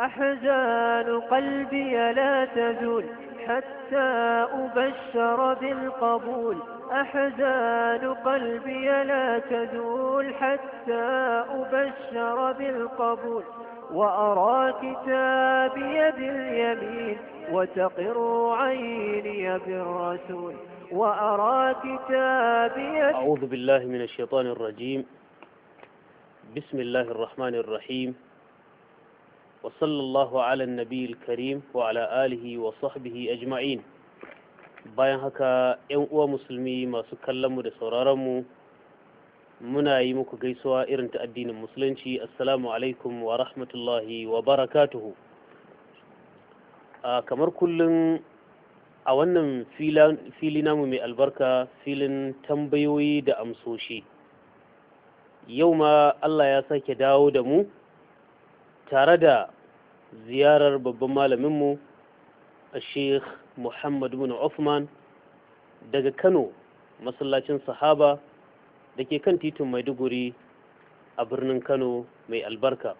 أحزان قلبي لا تزول حتى أبشر بالقبول أحزان قلبي لا تزول حتى أبشر بالقبول وأرى كتابي باليمين وتقر عيني بالرسول وأرى كتابي أعوذ بالله من الشيطان الرجيم بسم الله الرحمن الرحيم وصلى الله على النبي الكريم وعلى آله وصحبه أجمعين bayan haka ‘yan uwa musulmi masu kallonmu da sauraronmu muna yi muku gaisuwa irin ta addinin musulunci assalamu alaikum wa rahmatullahi wa barakatuhu kamar kullum a wannan fili namu mai albarka filin tambayoyi da amsoshi yau ma Allah ya sake dawo da mu tare da ziyarar babban malaminmu a sheikh muhammad bin Uthman daga kano masallacin sahaba da ke kan titin maiduguri a birnin kano mai albarka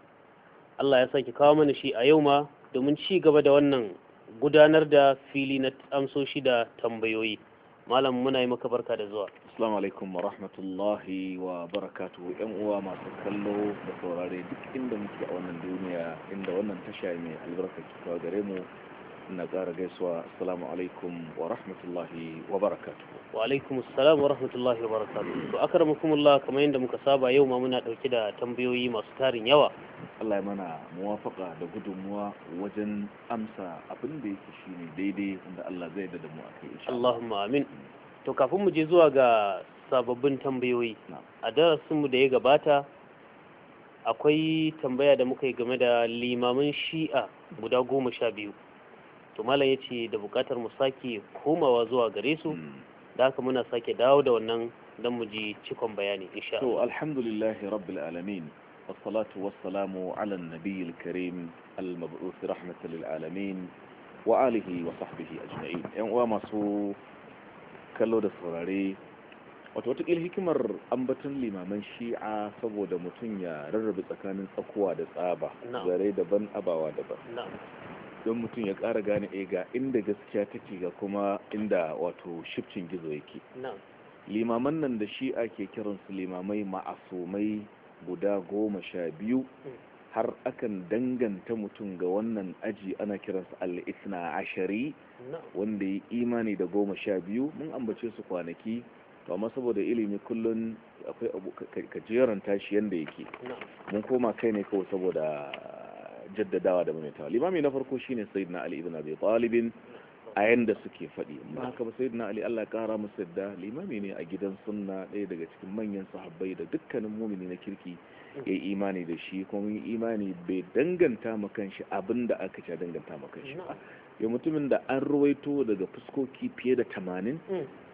Allah ya sake kawo mana shi a yau ma domin ci gaba da wannan gudanar da fili na amsoshi da tambayoyi malam muna yi maka barka da zuwa assalamu alaikum wa rahmatullahi wa barakatu yan uwa masu kallo da saurare duk inda muke a wannan duniya inda wannan tasha mai albarka ke gare mu Na ƙara gaisuwa assalamu alaikum wa rahmatullahi wa barakatu wa alaikum assalam wa rahmatullahi wa barakatu to akramakumullah kamar yadda muka saba yau ma muna ɗauke da tambayoyi masu tarin yawa Allah ya mana muwafaka da gudunmuwa wajen amsa abin da yake shine daidai wanda Allah zai yarda da mu akai insha Allah Allahumma amin mm. to kafin mu je zuwa ga sababbin tambayoyi a darasinmu da ya gabata akwai tambaya da muka yi game da limamin shi'a guda goma sha biyu to malam ya ce da bukatar mu sake komawa zuwa gare su hmm. da haka muna sake dawo da wannan don mu ji cikon bayani insha Allah. To alhamdulillah rabbil alamin wassalatu wassalamu ala nabiyil karim al mab'uth rahmatan lil alamin wa alihi wa sahbihi ajma'in. Yan uwa masu kallo da saurare wato watakila hikimar ambaton limaman shi'a saboda mutum ya rarrabe tsakanin tsakuwa da tsaba zare daban abawa daban don mutum ya ƙara gane ega eh, ga inda gaskiya take ga kuma inda wato shifcin gizo yake limaman nan da shi ake kiransu limamai ma'asumai guda goma sha biyu hmm. har akan danganta mutum ga wannan aji ana kiransu al'isna ashari wanda ya imani da goma sha biyu mun ambace su kwanaki to amma saboda ilimi kullum akwai ka jeranta shi yadda yake mun koma kai ne kawai saboda jaddadawa da mai maimaitawa limami na farko shine sayyidina ali ibn abi talib a yanda suke faɗi amma haka ba sayyidina ali Allah kara masa yadda limami ne a gidan sunna ɗaya daga cikin manyan sahabbai da dukkanin mumini na kirki ya imani da shi kuma imani bai danganta ma kanshi da aka ce danganta ma kanshi ba ya mutumin da an rawaito daga fuskoki fiye da tamanin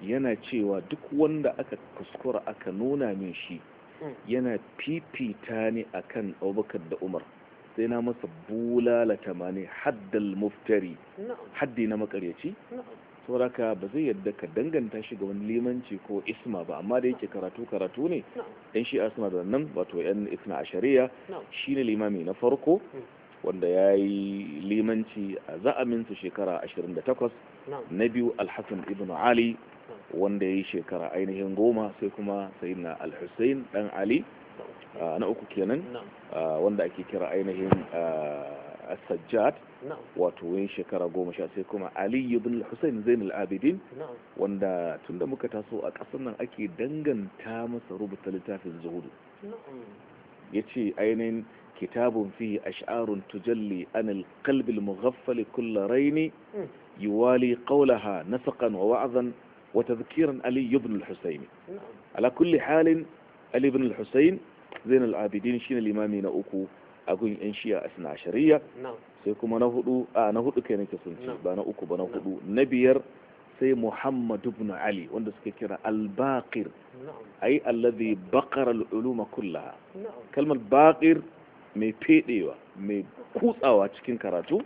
yana cewa duk wanda aka kuskura aka nuna min shi mm. yana fifita ne akan abubakar da umar sai na masa bulala tamani haddal muftari haddi na makaryaci sauraka ba zai yadda ka danganta shi ga wani limanci ko isma ba amma da yake karatu karatu ne yan shi asma da nan wato yan isna a shari'a ne limami na farko mm. wanda ya yi limanci a su shekara 28 na biyu alhassan ibn ali wanda ya yi shekara ainihin goma sai kuma saina alhussein dan ali na uku kenan wanda ake kira ainihin sajjad wato yin shekara goma sha sai kuma ali ibn hussein zain al-abidin wanda tun da muka taso a ƙasar nan ake danganta masa rubuta littafin zuhudu ya ce ainihin kitabun fi ash'arun tujalli an alƙalbil mughaffali kulla raini yuwali qawlaha nasaqan wa wa'azan wa tadhkiran ali ibn al ala kulli halin ali ibn al zainab abidin shine limami na uku a gun yan shiya a sinashariya sai kuma na hudu a na hudu kai nake sun ce ba na uku ba na hudu na biyar sai muhammad ibn ali wanda suke kira al-baqir ai alladhi baqara al-uluma kullaha kalmar baqir mai fedewa mai kutsawa cikin karatu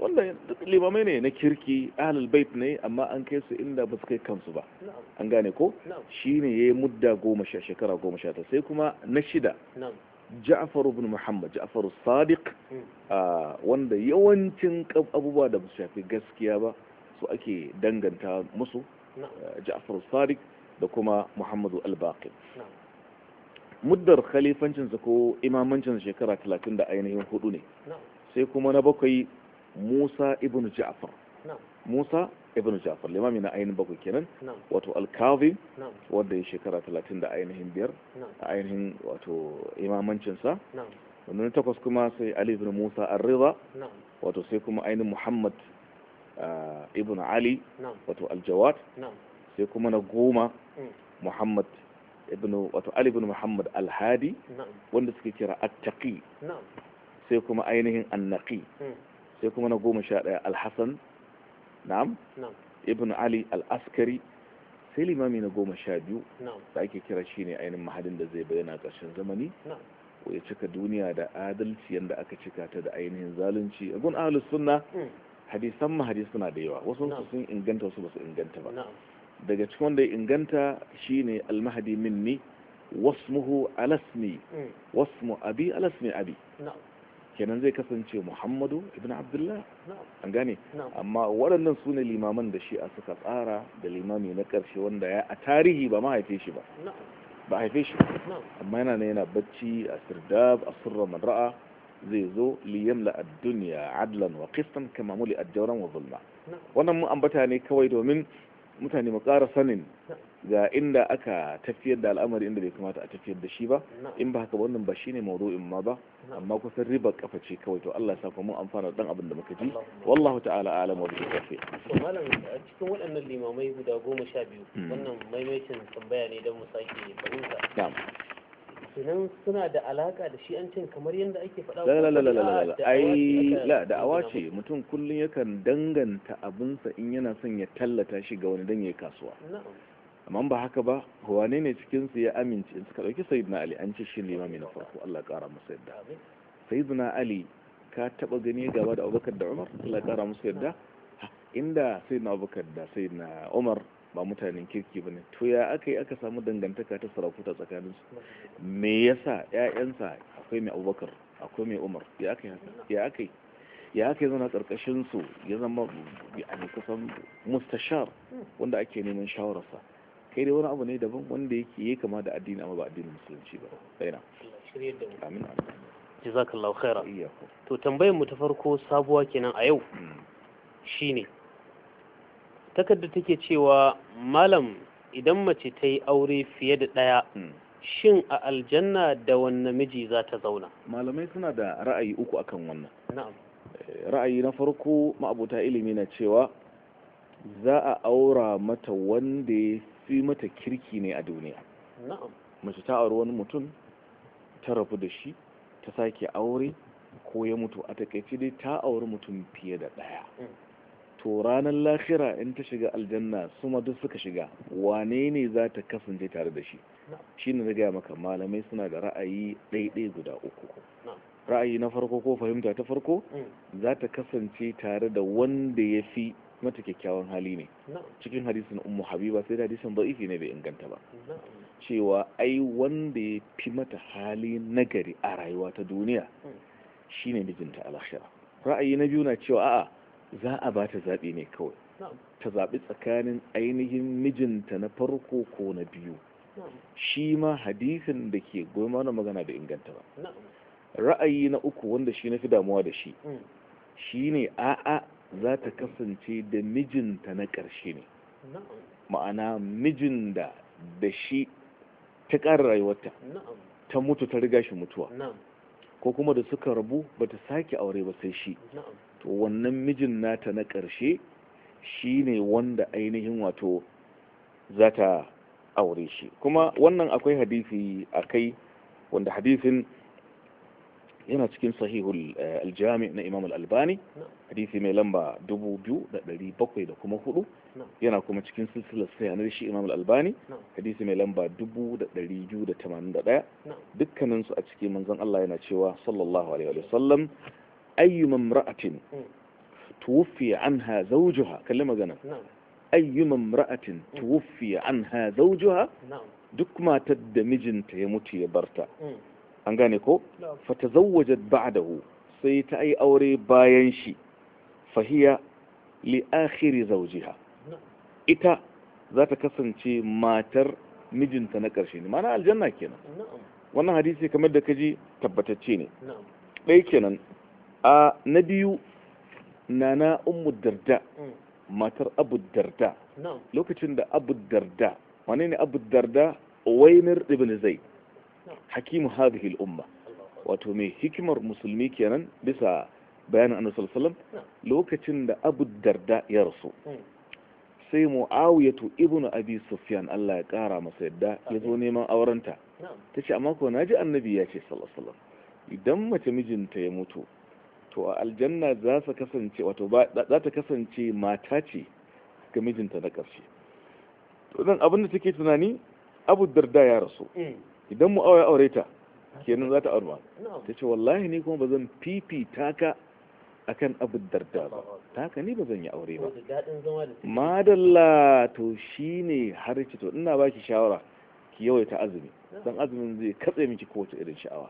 wannan limamai ne na kirki ahlul bait ne amma an kai su inda ba su kai kansu ba an gane ko Shi ne ya yi mudda goma sha shekara goma sha ta sai kuma na shida Ja'far ibn Muhammad Ja'far Sadiq hmm. wanda yawancin abubuwa da ba su shafi gaskiya ba su ake danganta musu Ja'far Sadiq da kuma Muhammadu Al-Baqir muddar khalifancinsa ko imamancinsa shekara talatin da ainihin hudu ne sai kuma na bakwai musa ibn ja'far musa ibn ja'far limami na ainihin bakwai kenan wato al-kazi wanda ya shekara talatin da ainihin biyar a ainihin wato imamancinsa wannan takwas kuma sai ali ibn musa Arriba, wato sai kuma ainihin muhammad ah, ibn ali wato al-jawad sai kuma na goma mm. muhammad ibn wato ali ibn muhammad al-hadi wanda suke kira at-taqi sai kuma ainihin an-naqi mm. sai kuma na goma sha ɗaya alhassan na'am ibn ali al-askari sai limami na goma sha biyu da ake kira shi ne ainihin mahadin da zai bayyana ƙarshen zamani ya cika duniya da adalci yadda aka cika ta da ainihin zalunci a gun ahalus sunna mm. hadisan mahadi suna da yawa wasu sun inganta wasu basu inganta ba daga cikin wanda ya inganta shine almahadi minni wasmuhu alasmi mm. wasmu abi alasmi abi kenan zai kasance muhammadu ibn abdullah an gane amma waɗannan su ne limaman da shi a suka tsara da limami na ƙarshe wanda ya a tarihi ba mahaife shi ba ba haife shi amma yana na yana bacci a sirdab a surra madra'a zai zo liyam a duniya adlan wa qistan kama muli a jauran wa zulma wannan mu ambata ne kawai domin mutane mu ƙara sanin ga inda aka tafiyar da al'amari inda bai kamata a tafiyar da shi ba in ba haka wannan ba shine mawdu'in ma ba amma kusan riba kafa ce kawai to Allah ya saka mun amfana dan abin da muka ji wallahu ta'ala alam wa bihi to malam cikin waɗannan limamai guda goma sha biyu hmm. wannan maimaitin tambaya ne don mu sake fahimta kenan suna da alaka da shi an can kamar yadda ake faɗa la la la la la ai la ce mutum kullum yakan danganta abinsa in yana son ya tallata shi ga wani dan yayi kasuwa amma ba haka ba wane ne cikin su ya amince in suka dauki sayyidina ali an ce shi ne limami na farko Allah ƙara masa yadda sayyidina ali ka taba gani gaba da Abubakar da Umar Allah ƙara masa yadda inda sayyidina Abubakar da sayyidina Umar ba mutanen kirki ba ne to ya aka yi aka samu dangantaka ta sarakuta tsakaninsu me yasa 'ya'yansa akwai mai abubakar akwai mai umar ya aka yi ya aka yi ya aka zana ƙarƙashin su ya zama a kusan mustashar wanda ake neman shawararsa kai dai wani abu ne daban wanda yake yi kama da addini amma ba addinin musulunci ba daina amin amin jazakallahu khaira to tambayar mu ta farko sabuwa kenan a yau hmm. shine takarda take cewa malam idan mace ta yi aure fiye da ɗaya hmm. shin a aljanna da wannan miji za ta zauna malamai suna da ra'ayi uku akan wannan eh, ra'ayi na farko ma'abuta ilimi na cewa za a aura mata wanda ya fi mata kirki ne a duniya mace ta auri wani mutum ta rabu da shi ta sake aure ko ya mutu a takaice dai ta auri mutum fiye da ɗaya hmm. to ranar lahira in ta shiga aljanna su ma duk suka shiga wane ne za ta kasance tare da shi shi ne gaya maka malamai suna da ra'ayi ɗaiɗai guda uku ra'ayi na farko ko fahimta ta farko za ta kasance tare da wanda ya fi mata kyakkyawan hali ne cikin hadisin ummu habiba sai da hadisin da'ifi ne bai inganta ba cewa ai wanda ya fi mata hali nagari a rayuwa ta duniya shine mijinta alashira ra'ayi na biyu na cewa a'a za a ba ta zaɓi ne kawai ta zaɓi tsakanin ainihin mijinta na farko ko na biyu shi ma hadisin da ke goma na magana da inganta ba ra'ayi na uku wanda shi na fi damuwa da shi mm. shi ne a'a za ta kasance da mijinta na ƙarshe ne ma'ana mijin da da shi ta ƙara rayuwarta ta mutu ta riga shi mutuwa ko kuma da suka rabu ba ta sake aure ba sai shi to wannan mijin nata na ƙarshe ne wanda ainihin wato za ta aure shi kuma wannan akwai hadisi a kai wanda hadisin yana cikin sahihul eh, aljami na imam al-albani hadisi mai lamba 2,704 da kuma huɗu yana kuma cikin silsilar sayanar shi imam al-albani hadisi mai lamba 2281 dukkaninsu a cikin manzon Allah yana cewa sallallahu alaihi wa ayyuma imra'atin tuwfi anha zawjuha kallama magana duk matar da mijinta ya mutu ya barta an gane ko ba'a dahu sai ta yi aure bayan shi fahiya li akhiri zawjiha ita zata kasance matar mijinta na ƙarshe ne mana aljanna kenan wannan hadisi kamar da kaji tabbatacce ne ɗaya kenan a na biyu nana ummu darda mm. matar abu darda lokacin da abu darda wane ne abu darda wainar ibn zai hakimu hadhihi al'umma umma wato mai hikimar musulmi kenan bisa bayanin annabi sallallahu lokacin da abu darda ya rasu mm. sai mu'awiyatu ibnu abi sufyan Allah ya kara masa yadda ya zo neman aurenta tace amma ko naji annabi ya ce sallallahu idan mace mijinta ya mutu to a aljanna za su kasance wato za ta kasance mata ce ga mijinta na ƙarshe to dan abin take tunani abu darda ya rasu mm. idan mu aure aure ta kenan za ta aure ta ce wallahi ne kuma ba zan fifita ka akan abu darda ba ta haka ni ba zan yi aure ba madalla to shine har ce to ina baki shawara ki yawaita azumi dan azumin zai katse miki kowace irin sha'awa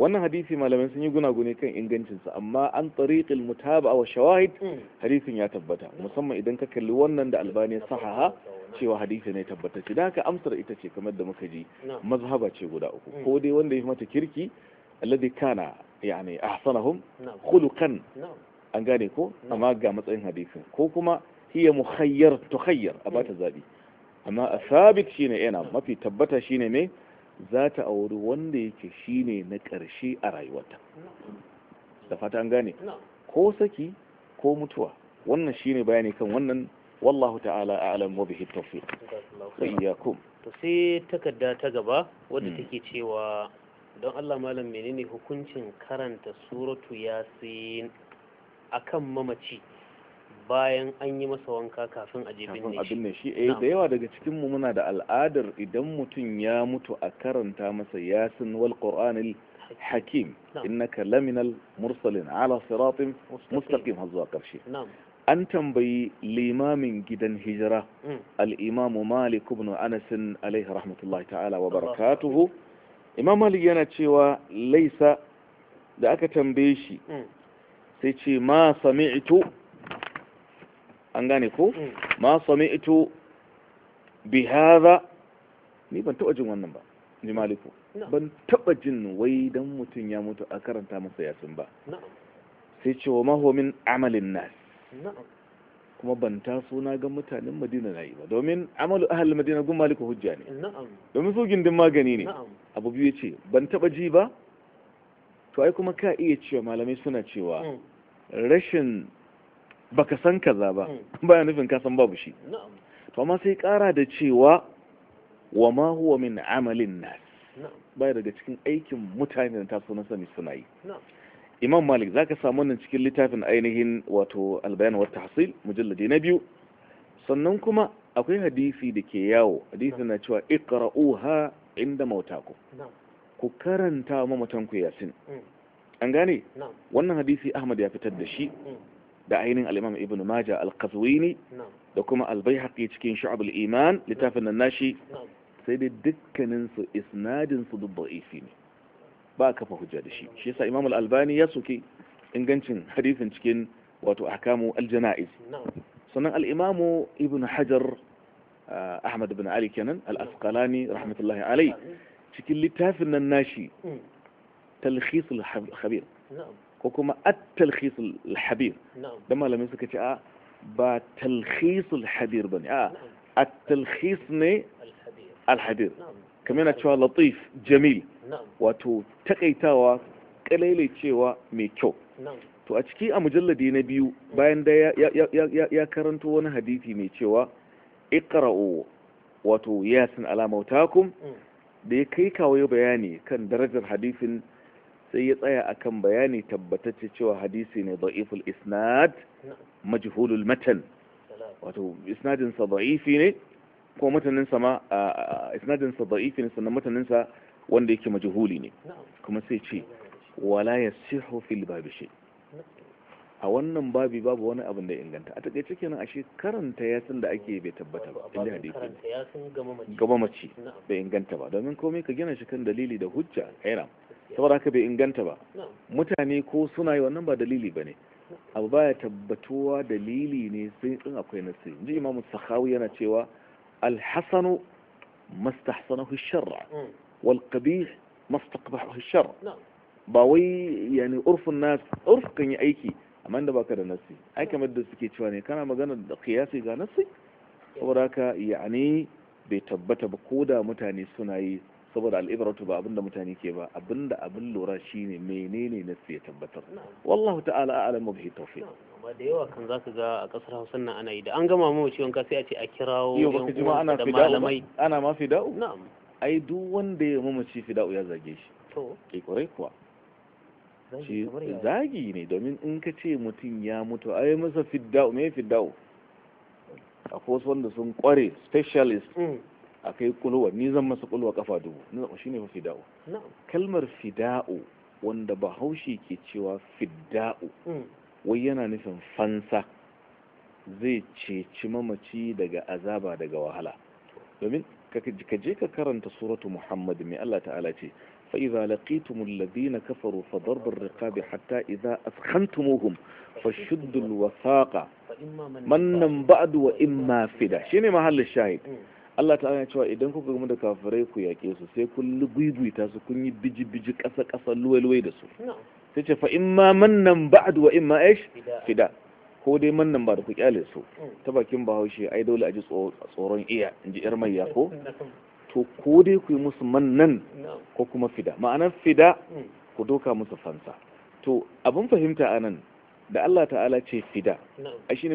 wannan hadisi malamai sun yi gunaguni kan ingancinsa amma an tariqil mutaba wa shawahid hadisin ya tabbata musamman idan ka kalli wannan da albani sahaha cewa hadisi ne tabbata da haka amsar ita ce kamar da muka ji mazhaba ce guda uku mm. ko dai wanda ya mata kirki alladhi kana yani ahsanahum khuluqan an gane ko amma ga matsayin hadisin ko kuma hiya mukhayyar tukhayyar a bata mm. zabi amma a shine yana eh, mafi tabbata shine ne za ta auri wanda yake shine na ƙarshe a rayuwarta da fata an gane ko saki ko mutuwa wannan shine bayani kan wannan wallahu ta'ala a'lam wa bihi tawfiq wa to sai takarda ta gaba wadda hmm. take cewa don Allah malam menene hukuncin karanta suratu yasin akan mamaci bayan an yi masa wanka kafin a jefin ne shi eh da yawa daga cikin mu muna da al'adar idan mutum ya mutu a karanta masa yasin wal qur'anil hakim innaka laminal mursalin ala siratin mustaqim har zuwa karshe an tambayi limamin gidan hijira mm. al-imam malik ibn anas alaihi rahmatullahi ta'ala wa barakatuhu imam malik yana cewa laisa da aka tambaye shi mm. sai ce ma sami'tu an gane ko mm. ma sami'tu bi hadha ni ban taba jin wannan ba ni maliku ban taba jin wai dan mutum ya mutu a karanta masa yasin ba sai ce wa maho min amalin nas kuma ban taso na ga mutanen madina na yi ba domin amalu ahal madina gun maliku hujja ne domin su gindin magani ne abu biyu ce ban taba ji ba to ai kuma ka iya cewa malamai suna cewa mm. rashin baka san kaza ba hmm. baya nufin kasan babu shi to amma sai kara da cewa wa ma huwa min amalin nas baya daga cikin aikin mutane da taso na sani suna yi imam malik zaka samu nan cikin littafin ainihin wato albayan wa tahsil mujalladi na biyu sannan kuma akwai hadisi da ke yawo hadisi na cewa iqra'uha inda mautakum ku karanta mamatan ku yasin hmm. an gane wannan hadisi ahmad ya fitar da shi hmm. da ainihin al ibn majah al-qazwini da kuma al-baihaqi cikin shu'ab al-iman littafin nan nashi sai dai dukkanin su isnadin su ne ba kafa hujja da shi shi yasa imam al-albani ya soke ingancin hadisin cikin wato akamu al-janaiz sannan al-imam ibn hajar ah, ahmad ibn ali kenan al-asqalani rahmatullahi alai cikin littafin nan nashi hmm. talkhis al-khabir ko kuma at-talkhisul habir da malamin suka ce a ba talkhisul habir bane a at-talkhis ne al-habir kamar yana cewa latif jamil wato takaitawa cewa mai kyau to a ciki a mujalladi na biyu bayan da ya karanto wani hadisi mai cewa iqra'u wato yasin alamautakun mm. da ya kai kawo bayani kan darajar hadisin sai ya tsaya akan bayani tabbatacce cewa hadisi ne da'iful isnad majhulul matan wato isnadin sa da'ifi ne ko matanin sa ma isnadin sa da'ifi ne sannan matanin sa wanda yake majhuli ne kuma sai ce wala yasihu fil babi shay a wannan babi babu wani abin da inganta a takaice kenan ashe karanta yasin da ake bai tabbata ba inda hadisi gaba mace bai inganta ba domin komai ka gina shi kan dalili da hujja haram saboda haka bai inganta ba mutane ko suna yi wannan ba dalili bane abu baya tabbatuwa dalili ne sai in akwai nasi inji imam sakhawi yana cewa alhasanu mastahsanahu shar'a mm. wal qabih mastaqbahu shar'a ba wai yani urfin nas urf kan yi aiki amma da baka da nassi ai kamar da suke cewa ne kana magana da qiyasi ga nassi saboda ka yani bai tabbata ba ko da mutane suna yi saboda al'ibratu ba abinda mutane ke ba abinda abin lura shine menene nassi ya tabbatar wallahu ta'ala a'lam bihi tawfiq ba da yawa kan zaka ga a kasar Hausa nan ana yi da an gama mu ciwon ka sai a ce a kirawo baka da malamai ana ma fida'u na'am ai duk wanda ya mamaci fida'u ya zage shi to kai eh, kuwa shi zagi ne domin in ka ce mutum ya mutu a yi masa fidda'u mai fidda'u a wasu wanda sun kware specialist mm. a kai kulwa ni zan masa kulowa kafa dubu shi ne fidda'u kalmar fidda'u wanda bahaushe ke cewa fidda'u mm. wai yana nufin fansa zai ceci mamaci daga azaba daga wahala domin ka je ka karanta suratu muhammad mai allah ta'ala ce فإذا لقيتم الذين كفروا فضرب الرقاب حتى إذا أسخنتموهم فشد الوثاق من بعد وإما فدا شيني محل الشاهد Allah ta ya cewa idan kuka gama da kafirai ku yake su sai kun ta su kun yi biji biji ƙasa ƙasa luwai da su sai ce fa ma mannan ba'd wa ma aish fida ko dai mannan ba da ku kyale su ta bakin bahaushe ai dole a ji tsoron iya in ji ƴar mayya ko to ko dai ku yi musu mannan ko kuma fida ma'ana fida hmm. ku doka musu fansa to abin fahimta anan da Allah ta'ala ce fida a shi